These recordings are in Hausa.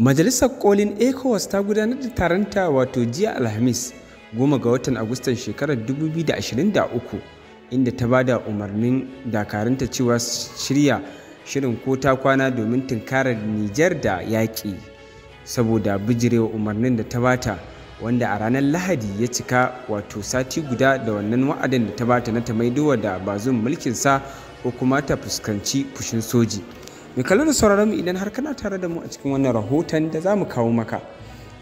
majalisar kolin ecowas ta gudanar da taronta wato jiya alhamis goma ga watan agustan shekarar 2023 inda ta bada umarnin dakarunta cewa shirya shirin ko ta kwana domin tunkarar nijar da yaƙi saboda bijirewa umarnin da ta bata wanda a ranar lahadi ya cika wato sati guda da wannan wa'adin da ta bata na ta maidowa da bazun mulkinsa ko kuma ta fuskanci fushin soji mai kallon da sauraron mu idan har kana tare da mu a cikin wannan rahoton da za mu kawo maka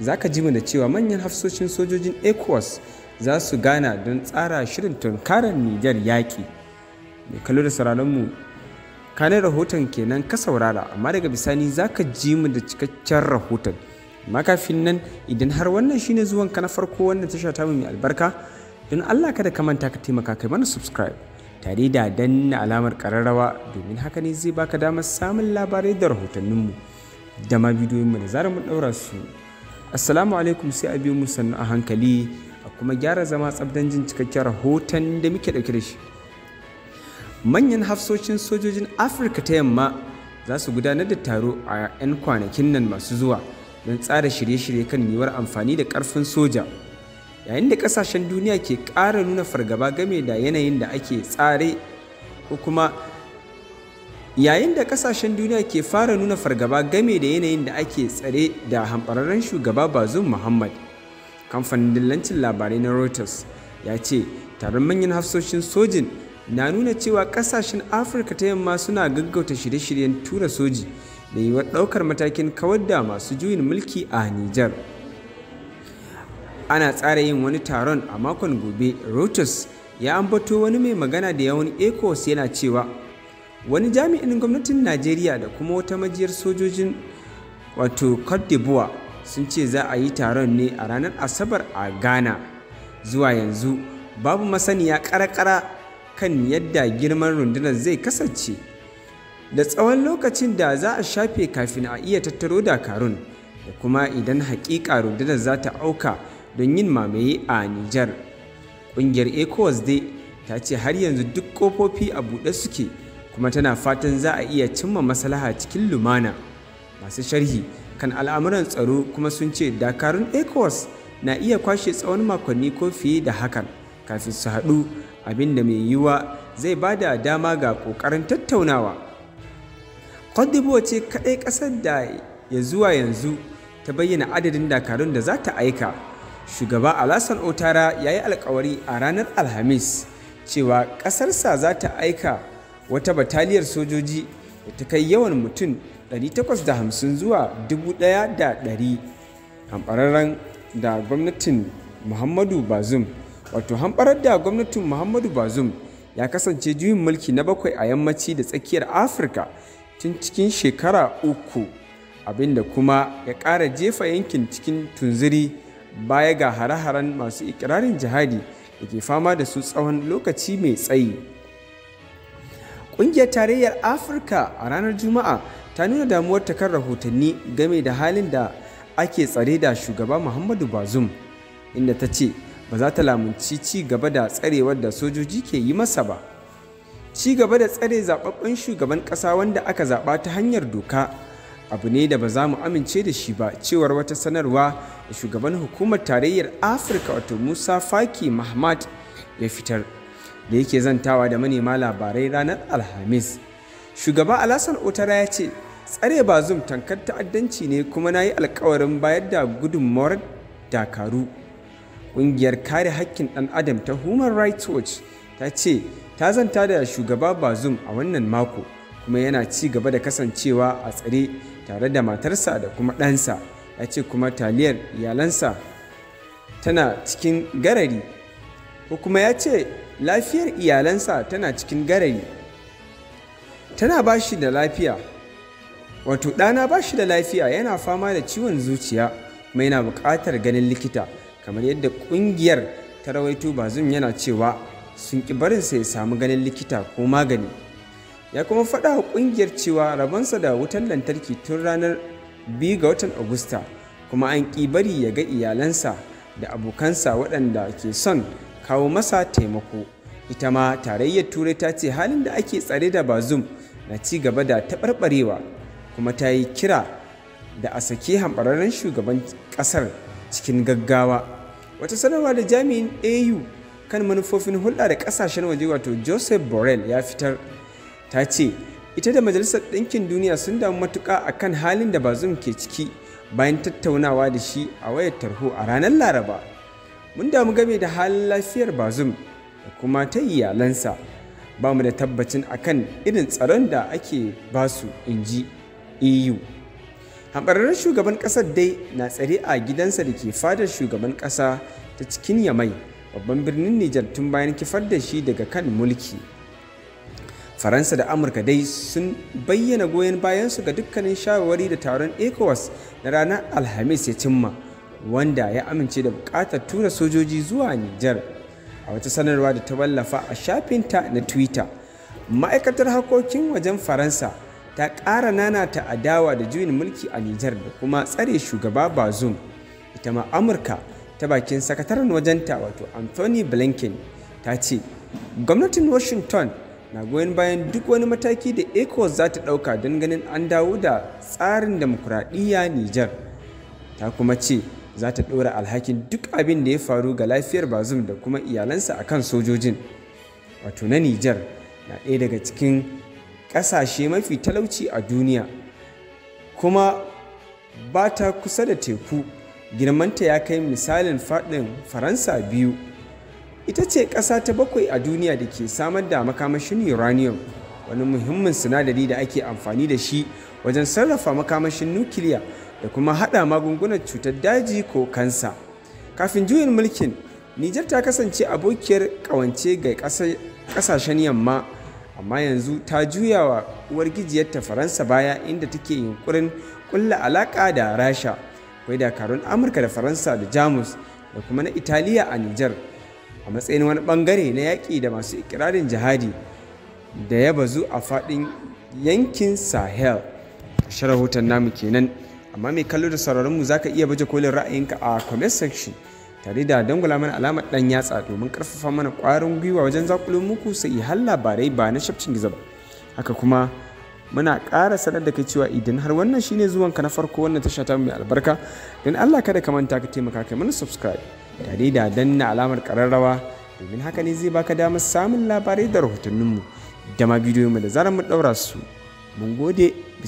za ka ji mu da cewa manyan hafsoshin sojojin ecowas za su gana don tsara shirin tunkarar niger yaƙi mai kallo da sauraron mu kanin rahoton kenan ka saurara amma daga bisani za ka ji mu da cikakken rahoton amma kafin nan idan har wannan shine zuwan ka na farko wannan tasha ta mu mai albarka don allah kada ka manta ka taimaka kai mana subscribe tare da danna alamar kararrawa domin haka ne zai baka damar samun labarai da rahotanninmu da ma bidiyoyinmu da zarar mun ɗaura su assalamu alaikum sai a biyo mu sannu a hankali a kuma gyara zama tsabdan jin cikakken rahoton da muke ɗauke da shi manyan hafsocin sojojin afirka ta yamma za su gudanar da taro a 'yan kwanakin nan masu zuwa don tsara shirye-shirye kan yiwuwar amfani da ƙarfin soja yayin da kasashen duniya ke ƙara nuna fargaba game da yanayin da ake tsare ko kuma yayin da kasashen duniya ke fara nuna fargaba game da yanayin da ake tsare da hambararren shugaba bazum muhammad kamfanin dillancin labarai na reuters ya ce taron manyan hafsoshin sojin na nuna cewa kasashen afirka ta yamma suna gaggauta shirye-shiryen tura soji da yiwuwar ɗaukar matakin kawar da masu juyin mulki a nijar ana tsara yin wani taron a makon gobe reuters ya ambato wani mai magana da yawan ecos yana cewa wani jami'in gwamnatin najeriya da kuma wata majiyar sojojin wato cote sun ce za a yi taron ne a ranar asabar a ghana zuwa yanzu babu masaniya karakara kan yadda girman rundunar zai kasance da tsawon lokacin da za a shafe kafin a iya tattaro dakarun da kuma idan hakika rundunar za ta auka don yin mamaye a Nijar. Ƙungiyar ECOWAS dai ta ce har yanzu duk ƙofofi a buɗe suke kuma tana fatan za a iya cimma maslaha cikin lumana. Masu sharhi kan al'amuran tsaro kuma sun ce dakarun ECOWAS na iya kwashe tsawon makonni ko fiye da hakan kafin su haɗu abin da mai yiwuwa zai ba da dama ga ƙoƙarin tattaunawa. Kwadibuwa ce kaɗai ƙasar da ya zuwa yanzu ta bayyana adadin dakarun da za ta aika. shugaba alasan otara ya yi alkawari a ranar alhamis cewa ƙasarsa za ta aika wata bataliyar sojoji da ta kai yawan mutum 850 zuwa 1,100 hamɓararren da gwamnatin muhammadu bazum wato hamɓarar da gwamnatin muhammadu bazum ya kasance juyin mulki na bakwai a yammaci da tsakiyar afirka tun cikin shekara uku abinda kuma ya ƙara jefa yankin cikin tunziri baya ga hare-haren masu ikirarin jihadi da ke fama da su tsawon lokaci mai tsayi ƙungiyar tarayyar afirka a ranar juma'a ta nuna damuwar ta kan rahotanni game da halin da ake tsare da shugaba muhammadu bazum inda ta ce ba za ta lamunci ci gaba da tsarewar da sojoji ke yi masa ba ci gaba da tsare zaɓaɓɓen shugaban ƙasa wanda aka zaɓa ta hanyar doka abu ne da ba za mu amince da shi ba cewar wata sanarwa da shugaban hukumar tarayyar afirka wato musa faki mahmad ya fitar da yake zantawa da manema labarai ranar alhamis shugaba alasan otara ya ce tsare ba bazum tankar ta'addanci ne kuma na yi alkawarin bayar da gudunmawar dakaru ƙungiyar kare haƙƙin ɗan adam ta human rights watch ta ce ta zanta da shugaba bazum a wannan mako kuma yana ci gaba da kasancewa a tsare tare da matarsa da kuma ɗansa ya ce kuma taliyar iyalansa tana cikin garari ko kuma ya ce lafiyar iyalansa tana cikin garari tana ba shi da lafiya wato ɗana ba shi da lafiya yana fama da ciwon zuciya kuma yana buƙatar ganin likita kamar yadda ƙungiyar ta rawaito bazum yana cewa sun ƙi barinsa ya samu ganin likita ko magani ya kuma faɗa wa ƙungiyar cewa rabonsa da wutar lantarki tun ranar 2 ga watan agusta kuma an ƙi bari ya ga iyalansa da abokansa waɗanda ke son kawo masa taimako ita ma tarayyar turai ta ce halin da ake tsare da bazum na ci gaba da taɓarɓarewa kuma ta yi kira da a sake hambararren shugaban ƙasar cikin gaggawa wata sanarwa da jami'in au kan manufofin hulɗa da ƙasashen waje wato joseph borrell ya fitar ta ce ita da majalisar ɗinkin duniya sun damu matuƙa a kan halin da bazum ke ciki bayan tattaunawa da shi a wayar tarho a ranar laraba mun damu game da halin lafiyar bazum da kuma ta iyalansa ba mu da tabbacin akan irin tsaron da ake basu in ji eu hambararren shugaban ƙasar dai na tsare a gidansa da ke fadar shugaban ƙasa ta cikin yamai babban birnin nijar tun bayan kifar da shi daga kan mulki faransa da amurka dai sun bayyana goyon bayansu ga dukkanin shawarwari da taron ecowas na ranar alhamis ya cimma wanda ya amince da bukatar tura sojoji zuwa nijar a wata sanarwa da ta wallafa a shafinta na twitter ma'aikatar harkokin wajen faransa ta ƙara ta adawa da juyin mulki a nijar da kuma tsare shugaba bazoum ita ma amurka ta bakin sakataren wajenta wato anthony blinken ta ce gwamnatin washington na goyon bayan duk wani mataki da ecowas za ta ɗauka don ganin an dawo da tsarin demokuraɗiyya nijar ta kuma ce za ta ɗora alhakin duk abin da ya faru ga lafiyar bazum da kuma iyalansa a kan sojojin wato na nijar na ɗaya daga cikin ƙasashe mafi talauci a duniya kuma ba ta kusa da teku girmanta ya kai misalin faɗin faransa biyu ita ce ƙasa ta bakwai a duniya da ke samar da makamashin uranium wani muhimmin sinadari da ake amfani da shi wajen sarrafa makamashin nukiliya da kuma haɗa magungunan cutar daji ko kansa kafin juyin mulkin nijar ta kasance abokiyar ƙawance ga ƙasashen yamma amma yanzu ta juya wa uwargijiyarta faransa baya inda take yunkurin ƙulla alaƙa da rasha akwai dakarun amurka da faransa da jamus da kuma na italiya a nijar a matsayin wani bangare na yaƙi da masu ikirarin jihadi da ya bazu a faɗin yankin sahel ƙarshen rahoton namu kenan amma mai kallo da sauraronmu za ka iya baje kolin ra'ayinka a comment section tare da dangula mana alamar ɗan yatsa domin karfafa mana ƙwarin gwiwa wajen zakulun muku sai har labarai ba na shafcin gizo ba haka kuma muna ƙara sanar da kai cewa idan har wannan shine zuwanka na farko wannan tasha ta mai albarka don allah kada ka manta ka taimaka kai mana subscribe tare da danna alamar kararrawa domin haka ne zai baka damar samun labarai da rahotanninmu da ma bidiyoyinmu da zarar mu daura su mun gode